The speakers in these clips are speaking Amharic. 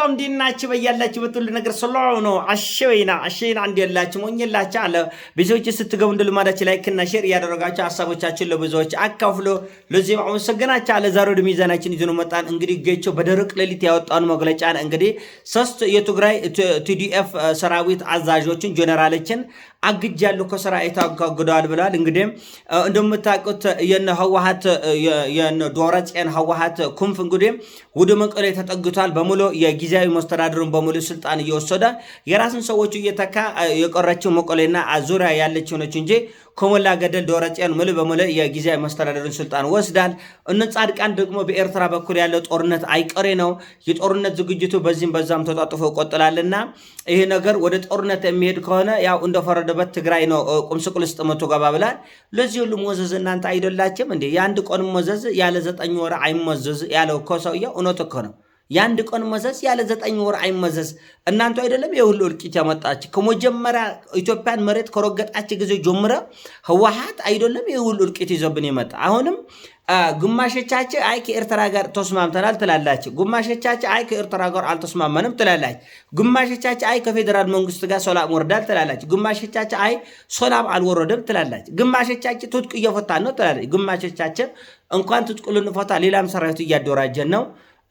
ሰላም እንዲናች በያላችሁ በትል ነገር ሰላም ነው። አሸበይና አሸይና አንድ ያላችሁ ሞኝላችሁ አለ ብዙዎች ስትገቡ እንደ ልማዳችሁ ላይክ እና ሼር እያደረጋችሁ ሀሳቦቻችን ለብዙዎች አካፍሎ ለዚህ አመሰግናችሁ አለ። ዛሬ ወደ ሚዛናችን ይዘን መጣን። እንግዲህ ጌቾ በደረቅ ሌሊት ያወጣውን መግለጫ እንግዲህ ሶስት የትግራይ ቲዲኤፍ ሰራዊት አዛዦችን ጀነራሎችን አግጃለሁ ከስራ ታግደዋል ብለዋል። እንግዲህ እንደምታውቁት የነ ህወሓት የነ የነ ህወሓት ክንፍ እንግዲህ ወደ መቀሌ ተጠግቷል በሙሉ የጊዜ ጊዜያዊ መስተዳድሩን በሙሉ ስልጣን እየወሰደ የራስን ሰዎቹ እየተካ የቀረችው መቀሌና ዙሪያ ያለች ሆነች እንጂ ከሞላ ገደል ደብረጽዮን ሙሉ በሙሉ የጊዜያዊ መስተዳደሩን ስልጣን ወስዳል። እነ ጻድቃን ደግሞ በኤርትራ በኩል ያለው ጦርነት አይቀሬ ነው። የጦርነት ዝግጅቱ በዚህም በዛም ተጧጥፎ ቆጥላልና ይህ ነገር ወደ ጦርነት የሚሄድ ከሆነ ያው እንደፈረደበት ትግራይ ነው ቁምስቁል ውስጥ ምትገባ ብላል። ለዚህ ሁሉ መዘዝ እናንተ አይደላችም እንዴ? የአንድ ቀን መዘዝ ያለ ዘጠኝ ወር አይመዘዝ ያለው እኮ ሰውዬው እውነት እኮ ነው። የአንድ ቀን መዘዝ ያለ ዘጠኝ ወር አይመዘዝ። እናንተ አይደለም የሁሉ እልቂት ያመጣች ከመጀመሪያ ኢትዮጵያን መሬት ከረገጣች ጊዜ ጀምረ ህወሓት አይደለም የሁሉ እልቂት ይዞብን ይመጣ። አሁንም ግማሾቻችሁ አይ ከኤርትራ ጋር ተስማምተናል ትላላች ግማሾቻችሁ አይ ከኤርትራ ጋር አልተስማመንም ትላላች፣ ግማሾቻችሁ አይ ከፌዴራል መንግስት ጋር ሰላም ወርዳል ትላላች፣ ግማሾቻችሁ አይ ሰላም አልወረደም ትላላች ግማሾቻችሁ ትጥቅ እየፈታን ነው ትላላችሁ፣ ግማሾቻችሁ እንኳን ትጥቅ ልንፈታ ሌላም ሰራዊት እያደራጀን ነው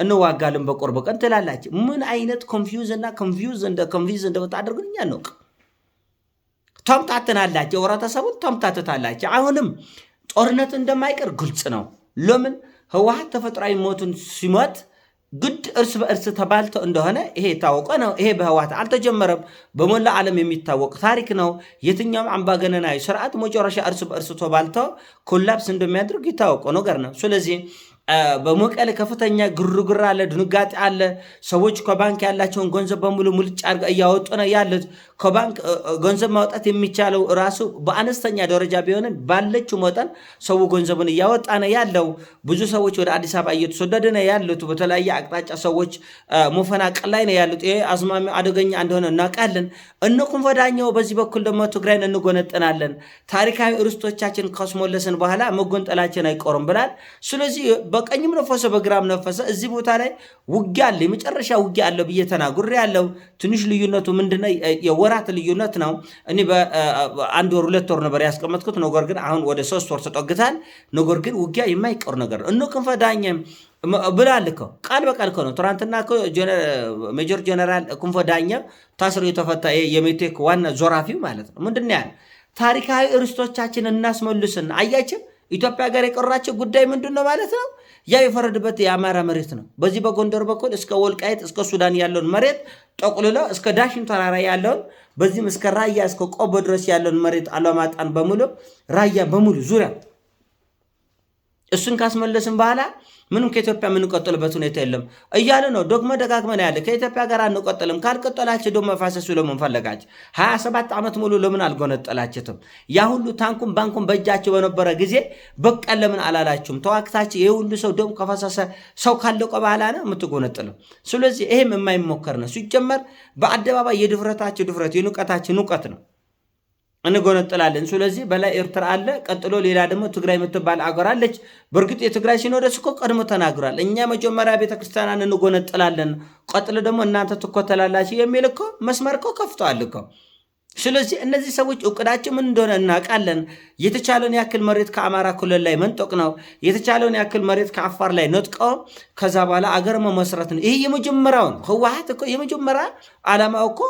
እንዋጋለን በቆርበ ቀን ትላላችሁ። ምን አይነት ኮንፊውዝ እና ኮንፊውዝ እንደ ኮንፊውዝ እንደወጣ እኛ ነው ተምታትናላችሁ፣ ህብረተሰቡን ተምታትታላችሁ። አሁንም ጦርነት እንደማይቀር ግልጽ ነው። ለምን ህወሓት ተፈጥሯዊ ሞቱን ሲሞት ግድ እርስ በእርስ ተባልተ እንደሆነ ይሄ የታወቀ ነው። ይሄ በህወሓት አልተጀመረም፣ በሞላ ዓለም የሚታወቅ ታሪክ ነው። የትኛውም አምባገነናዊ ስርዓት መጨረሻ እርስ በእርስ ተባልቶ ኮላፕስ እንደሚያደርግ የታወቀ ነገር ነው። ስለዚህ በመቀሌ ከፍተኛ ግርግር አለ፣ ድንጋጤ አለ። ሰዎች ከባንክ ያላቸውን ገንዘብ በሙሉ ሙልጭ አድርገው እያወጡ ነው ያሉት። ከባንክ ገንዘብ ማውጣት የሚቻለው ራሱ በአነስተኛ ደረጃ ቢሆንም ባለችው መጠን ሰው ገንዘቡን እያወጣ ነው ያለው። ብዙ ሰዎች ወደ አዲስ አበባ እየተሰደዱ ነው ያሉት። በተለያየ አቅጣጫ ሰዎች መፈናቀል ላይ ነው ያሉት። ይሄ አዝማሚው አደገኛ እንደሆነ እናውቃለን። እንኩም ወዳኛው በዚህ በኩል ደግሞ ትግራይን እንጎነጥናለን፣ ታሪካዊ ርስቶቻችን ካስሞለስን በኋላ መጎንጠላችን አይቆርም ብላል። ስለዚህ በቀኝም ነፈሰ በግራም ነፈሰ። እዚህ ቦታ ላይ ውጊያ አለ፣ የመጨረሻ ውጊያ አለ ብዬ ተናግሬ ያለው። ትንሽ ልዩነቱ ምንድነው? የወራት ልዩነት ነው። እኔ በአንድ ወር ሁለት ወር ነበር ያስቀመጥኩት፣ ነገር ግን አሁን ወደ ሶስት ወር ተጠግታል። ነገር ግን ውጊያ የማይቀሩ ነገር ነው። እነ ክንፈ ዳኘም ብላል ብላልከው ቃል በቃል ነው። ትናንትና ሜጀር ጀነራል ክንፈ ዳኘ ታስሮ የተፈታ የሜቴክ ዋና ዞራፊው ማለት ነው። ምንድን ያለ ታሪካዊ እርስቶቻችን እናስመልስን አያችን ኢትዮጵያ ጋር የቀራቸው ጉዳይ ምንድን ነው ማለት ነው። ያ የፈረድበት የአማራ መሬት ነው። በዚህ በጎንደር በኩል እስከ ወልቃይት እስከ ሱዳን ያለውን መሬት ጠቁልለው እስከ ዳሽን ተራራ ያለውን በዚህም እስከ ራያ እስከ ቆቦ ድረስ ያለውን መሬት አለማጣን በሙሉ ራያ በሙሉ ዙሪያ እሱን ካስመለስን በኋላ ምንም ከኢትዮጵያ የምንቀጥልበት ሁኔታ የለም እያሉ ነው። ዶግመ ደጋግመን ያለ ከኢትዮጵያ ጋር አንቀጥልም። ካልቀጠላቸው ደም መፋሰሱ ለምን ፈለጋች? ሀያ ዓመት ሙሉ ለምን አልጎነጠላችትም? ያ ሁሉ ታንኩም ባንኩም በእጃቸው በነበረ ጊዜ በቃ ለምን አላላችሁም? ተዋክታች ይህ ሁሉ ሰው ደም ከፈሰሰ ሰው ካለቀ በኋላ ነው የምትጎነጥልም። ስለዚህ ይህም የማይሞከር ነው። ሲጀመር በአደባባይ የድፍረታቸው ድፍረት የንቀታችሁ ንቀት ነው። እንጎነጥላለን። ስለዚህ በላይ ኤርትራ አለ፣ ቀጥሎ ሌላ ደግሞ ትግራይ የምትባል አገር አለች። በእርግጥ የትግራይ ሲኖደስ እኮ ቀድሞ ተናግሯል። እኛ መጀመሪያ ቤተክርስቲያናን እንጎነጥላለን፣ ቀጥሎ ደግሞ እናንተ ትኮተላላችሁ የሚል እኮ መስመር እኮ ከፍተዋል እኮ። ስለዚህ እነዚህ ሰዎች እቅዳቸው ምን እንደሆነ እናውቃለን። የተቻለውን ያክል መሬት ከአማራ ክልል ላይ መንጠቅ ነው። የተቻለውን ያክል መሬት ከአፋር ላይ ነጥቀው ከዛ በኋላ አገር መመስረት ነው። ይህ ነው። ህወሓት እኮ የመጀመሪያ ዓላማ እኮ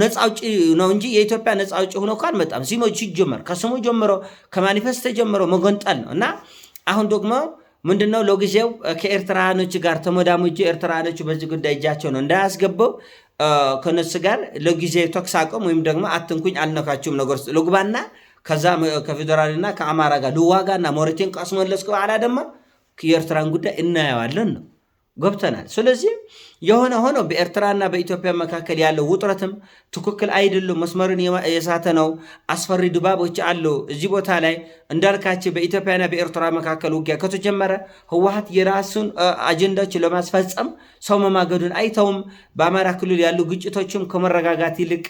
ነፃ አውጪ ነው እንጂ የኢትዮጵያ ነፃ አውጪ ሆኖ እኮ አልመጣም። ሲኖች ይጀመር ከስሙ ጀምሮ ከማኒፌስቶ ጀምሮ መጎንጠል ነው እና አሁን ደግሞ ምንድነው ለጊዜው ከኤርትራኖች ጋር ተመዳሙጅ ኤርትራኖች በዚህ ጉዳይ እጃቸው ነው እንዳያስገባው ከነሱ ጋር ለጊዜው ተኩስ አቆም ወይም ደግሞ አትንኩኝ አልነካችሁም ነገር ልግባና ከዛ ከፌዴራልና ከአማራ ጋር ልዋጋና ሞሪቴን ቃስመለስኩ በኋላ ደግሞ የኤርትራን ጉዳይ እናየዋለን ነው ገብተናል። ስለዚህ የሆነ ሆኖ በኤርትራና በኢትዮጵያ መካከል ያለው ውጥረትም ትክክል አይደሉም፣ መስመርን የሳተ ነው። አስፈሪ ድባቦች አሉ። እዚህ ቦታ ላይ እንዳልካቸው በኢትዮጵያና በኤርትራ መካከል ውጊያ ከተጀመረ ህወሓት የራሱን አጀንዳዎች ለማስፈጸም ሰው መማገዱን አይተውም። በአማራ ክልል ያሉ ግጭቶችም ከመረጋጋት ይልቅ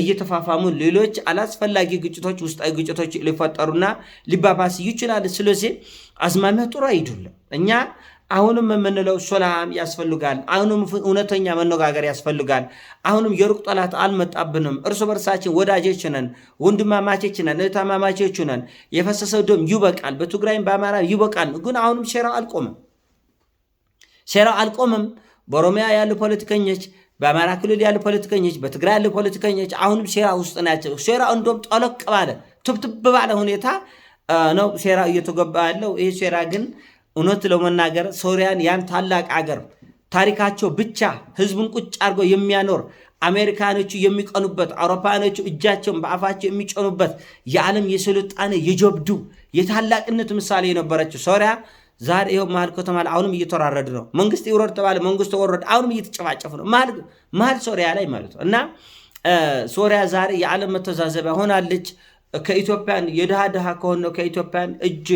እየተፋፋሙ ሌሎች አላስፈላጊ ግጭቶች፣ ውስጣዊ ግጭቶች ሊፈጠሩና ሊባባስ ይችላል። ስለዚህ አዝማሚያ ጥሩ አይደለም እኛ አሁንም የምንለው ሶላም ያስፈልጋል። አሁንም እውነተኛ መነጋገር ያስፈልጋል። አሁንም የሩቅ ጠላት አልመጣብንም። እርስ በርሳችን ወዳጆች ነን፣ ወንድማማቾች ነን፣ እህትማማቾች ነን። የፈሰሰው ደም ይበቃል። በትግራይም በአማራ ይበቃል። ግን አሁንም ሴራው አልቆምም፣ ሴራው አልቆምም። በኦሮሚያ ያሉ ፖለቲከኞች፣ በአማራ ክልል ያሉ ፖለቲከኞች፣ በትግራይ ያሉ ፖለቲከኞች አሁንም ሴራ ውስጥ ናቸው። ሴራ እንደውም ጠለቅ ባለ ትብትብ ባለ ሁኔታ ነው ሴራ እየተገባ ያለው። ይህ ሴራ ግን እውነት ለመናገር ሶሪያን ያን ታላቅ አገር ታሪካቸው ብቻ ህዝቡን ቁጭ አድርጎ የሚያኖር አሜሪካኖቹ የሚቀኑበት አውሮፓኖቹ እጃቸውን በአፋቸው የሚጨኑበት የዓለም የስልጣኔ የጀብዱ የታላቅነት ምሳሌ የነበረችው ሶሪያ ዛሬ ይኸው መሀል ከተማ ላይ አሁንም እየተወራረዱ ነው። መንግስት ይውረድ ተባለ፣ መንግስት ወረድ፣ አሁንም እየተጨፋጨፉ ነው። መሀል ሶሪያ ላይ ማለት ነው እና ሶሪያ ዛሬ የዓለም መተዛዘቢያ ሆናለች። ከኢትዮጵያን የድሃ ድሃ ከሆነው ከኢትዮጵያን እጅ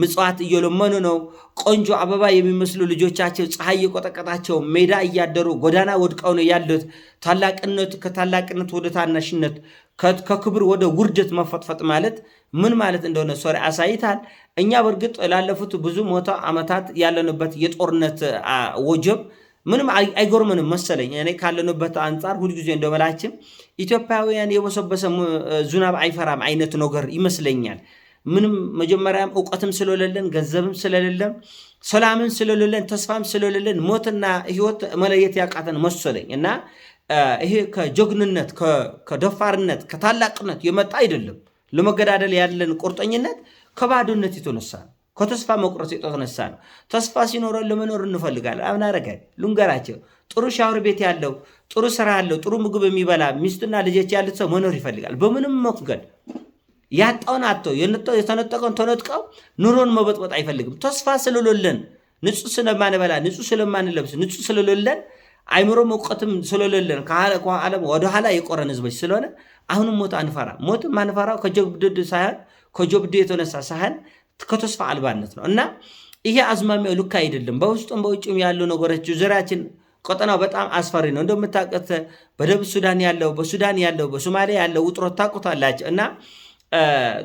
ምጽዋት እየለመኑ ነው። ቆንጆ አበባ የሚመስሉ ልጆቻቸው ፀሐይ የቆጠቀጣቸው ሜዳ እያደሩ ጎዳና ወድቀው ነው ያሉት። ታላቅነት ከታላቅነት ወደ ታናሽነት ከክብር ወደ ውርደት መፈጥፈጥ ማለት ምን ማለት እንደሆነ ሶሪ አሳይታል። እኛ በእርግጥ ላለፉት ብዙ ሞታ ዓመታት ያለንበት የጦርነት ወጀብ ምንም አይጎርምንም መሰለኝ እኔ ካለንበት አንጻር ሁልጊዜ እንደመላችም ኢትዮጵያውያን የበሰበሰ ዙናብ አይፈራም አይነት ነገር ይመስለኛል። ምንም መጀመሪያም እውቀትም ስለሌለን ገንዘብም ስለሌለን ሰላምን ስለሌለን ተስፋም ስለሌለን ሞትና ሕይወት መለየት ያቃተን መሰለኝ እና ይሄ ከጀግንነት ከደፋርነት ከታላቅነት የመጣ አይደለም። ለመገዳደል ያለን ቁርጠኝነት ከባዶነት የተነሳ ነው። ከተስፋ መቁረጥ ነሳ ነው። ተስፋ ሲኖረን ለመኖር እንፈልጋለን። አምናረጋል ሉንገራቸው ጥሩ ሻወር ቤት ያለው ጥሩ ስራ ያለው ጥሩ ምግብ የሚበላ ሚስቱና ልጆች ያሉት ሰው መኖር ይፈልጋል። በምንም መንገድ ያጣውን አጥተው የተነጠቀውን ተነጥቀው ኑሮን መበጥበጥ አይፈልግም። ተስፋ ስለሎለን ንጹህ ስለማንበላ ንጹህ ስለማንለብስ ንጹህ ስለሎለን አይምሮ እውቀትም ስለሎለን ከዓለም ወደኋላ የቆረን ህዝቦች ስለሆነ አሁንም ሞት አንፈራ። ሞት ማንፈራው ከጀብድድ ሳይሆን ከጀብድ የተነሳ ሳይሆን ከተስፋ አልባነት ነው እና ይሄ አዝማሚያው ልክ አይደለም። በውስጡም በውጭም ያሉ ነገሮች ዙሪያችን ቆጠናው በጣም አስፈሪ ነው። እንደምታውቁት በደቡብ ሱዳን ያለው፣ በሱዳን ያለው፣ በሶማሊያ ያለው ውጥረት ታቁታላቸው እና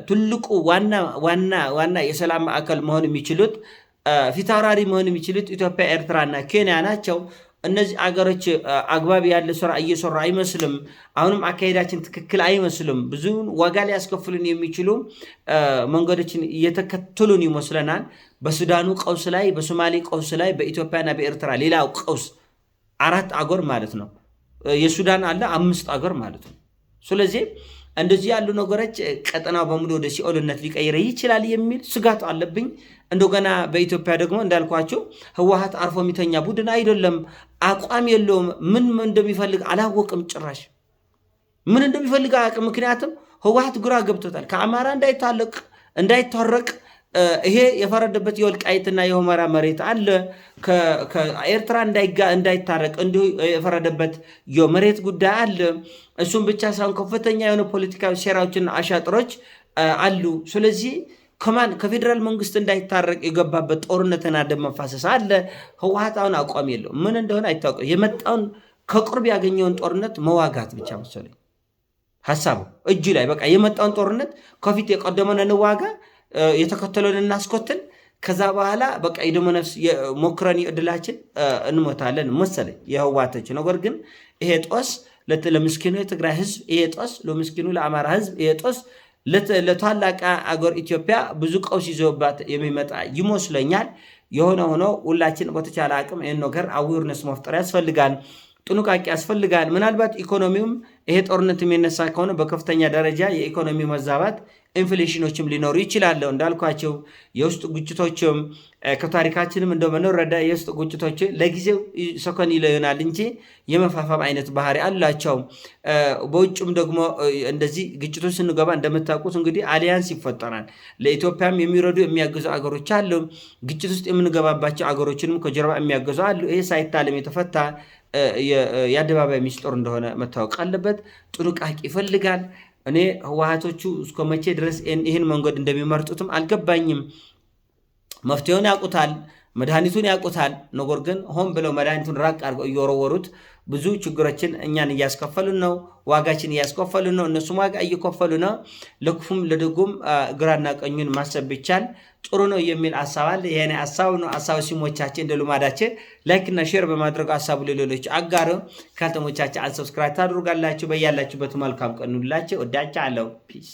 ትልቁ ዋና ዋና ዋና የሰላም ማዕከል መሆን የሚችሉት ፊታውራሪ መሆን የሚችሉት ኢትዮጵያ፣ ኤርትራና ኬንያ ናቸው። እነዚህ አገሮች አግባብ ያለ ስራ እየሰሩ አይመስልም። አሁንም አካሄዳችን ትክክል አይመስልም። ብዙ ዋጋ ሊያስከፍሉን የሚችሉ መንገዶችን እየተከተሉን ይመስለናል። በሱዳኑ ቀውስ ላይ፣ በሶማሌ ቀውስ ላይ፣ በኢትዮጵያና በኤርትራ ሌላው ቀውስ አራት አገር ማለት ነው። የሱዳን አለ አምስት አገር ማለት ነው። ስለዚህ እንደዚህ ያሉ ነገሮች ቀጠናው በሙሉ ወደ ሲኦልነት ሊቀይረ ይችላል የሚል ስጋት አለብኝ። እንደገና በኢትዮጵያ ደግሞ እንዳልኳቸው ህወሓት አርፎ የሚተኛ ቡድን አይደለም። አቋም የለውም። ምን እንደሚፈልግ አላወቅም። ጭራሽ ምን እንደሚፈልግ አያውቅም። ምክንያቱም ህወሓት ግራ ገብቶታል። ከአማራ እንዳይታለቅ እንዳይታረቅ ይሄ የፈረደበት የወልቃይትና የሆመራ መሬት አለ። ከኤርትራ እንዳይታረቅ እንዲሁ የፈረደበት የመሬት ጉዳይ አለ። እሱም ብቻ ሳይሆን ከፍተኛ የሆነ ፖለቲካዊ ሴራዎችና አሻጥሮች አሉ። ስለዚህ ከማን ከፌዴራል መንግስት እንዳይታረቅ የገባበት ጦርነትና ደም መፋሰስ አለ። ህወሓት አሁን አቋም የለው ምን እንደሆነ አይታወቅም። የመጣውን ከቅርብ ያገኘውን ጦርነት መዋጋት ብቻ መሰለኝ ሀሳቡ እጁ ላይ በቃ የመጣውን ጦርነት ከፊት የቀደመን እንዋጋ የተከተለውን እናስኮትን። ከዛ በኋላ በቃ የደሞ ነፍስ ሞክረን ዕድላችን እንሞታለን መሰለኝ የህዋተች። ነገር ግን ይሄ ጦስ ለምስኪኑ የትግራይ ህዝብ፣ ይሄ ጦስ ለምስኪኑ ለአማራ ህዝብ፣ ይሄ ጦስ ለታላቅ አገር ኢትዮጵያ ብዙ ቀውስ ይዞባት የሚመጣ ይመስለኛል። የሆነ ሆኖ ሁላችን በተቻለ አቅም ይህን ነገር አዊርነስ መፍጠር ያስፈልጋል፣ ጥንቃቄ ያስፈልጋል። ምናልባት ኢኮኖሚውም ይሄ ጦርነት የሚነሳ ከሆነ በከፍተኛ ደረጃ የኢኮኖሚ መዛባት፣ ኢንፍሌሽኖችም ሊኖሩ ይችላለሁ። እንዳልኳቸው የውስጥ ግጭቶችም ከታሪካችንም እንደ ረዳ የውስጥ ግጭቶች ለጊዜው ሰኮን ይለዩናል እንጂ የመፋፋም አይነት ባህሪ አላቸው። በውጭም ደግሞ እንደዚህ ግጭቶች ስንገባ እንደምታውቁት እንግዲህ አሊያንስ ይፈጠራል። ለኢትዮጵያም የሚረዱ የሚያገዙ አገሮች አሉ። ግጭት ውስጥ የምንገባባቸው አገሮችንም ከጀርባ የሚያገዙ አሉ። ይሄ ሳይታለም የተፈታ የአደባባይ ሚስጥር እንደሆነ መታወቅ አለበት። ለማለት ጥንቃቄ ይፈልጋል። እኔ ህወሀቶቹ እስከ መቼ ድረስ ይህን መንገድ እንደሚመርጡትም አልገባኝም። መፍትሄውን ያውቁታል፣ መድኃኒቱን ያውቁታል። ነገር ግን ሆን ብለው መድኃኒቱን ራቅ አድርገው እየወረወሩት ብዙ ችግሮችን እኛን እያስከፈሉን ነው። ዋጋችን እያስከፈሉን ነው። እነሱም ዋጋ እየከፈሉ ነው። ለክፉም ለደጉም ግራና ቀኙን ማሰብ ብቻል ጥሩ ነው የሚል ሀሳብ አለ። ይሄኔ ሀሳብ ነው። ሀሳብ ሲሞቻችን እንደ ልማዳችን ላይክና ሼር በማድረግ አሳቡ ለሌሎች አጋር ካልተሞቻችን አንሰብስክራይብ ታደርጋላችሁ። በያላችሁበት መልካም ቀኑላችሁ። ወዳቻ አለው ፒስ